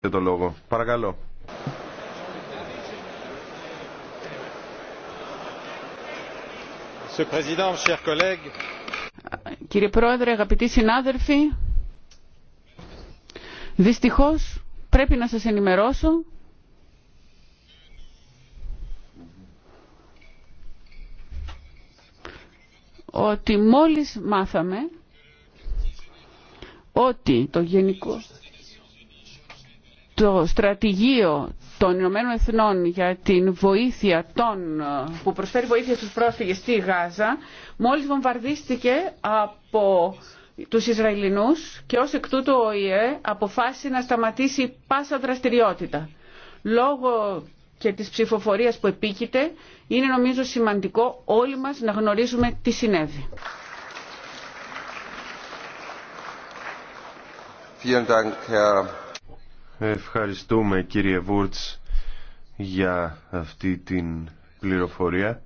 το λόγο. Παρακαλώ. Κύριε Πρόεδρε, αγαπητοί συνάδελφοι, δυστυχώς πρέπει να σας ενημερώσω ότι μόλις μάθαμε ότι το γενικό το στρατηγείο των Ηνωμένων Εθνών για την βοήθεια των, που προσφέρει βοήθεια στους πρόσφυγες στη Γάζα μόλις βομβαρδίστηκε από τους Ισραηλινούς και ως εκ τούτου ο ΙΕ αποφάσισε να σταματήσει πάσα δραστηριότητα. Λόγω και της ψηφοφορίας που επίκειται είναι νομίζω σημαντικό όλοι μας να γνωρίζουμε τι συνέβη. Vielen Dank, Herr Ευχαριστούμε κύριε Βούρτς για αυτή την πληροφορία.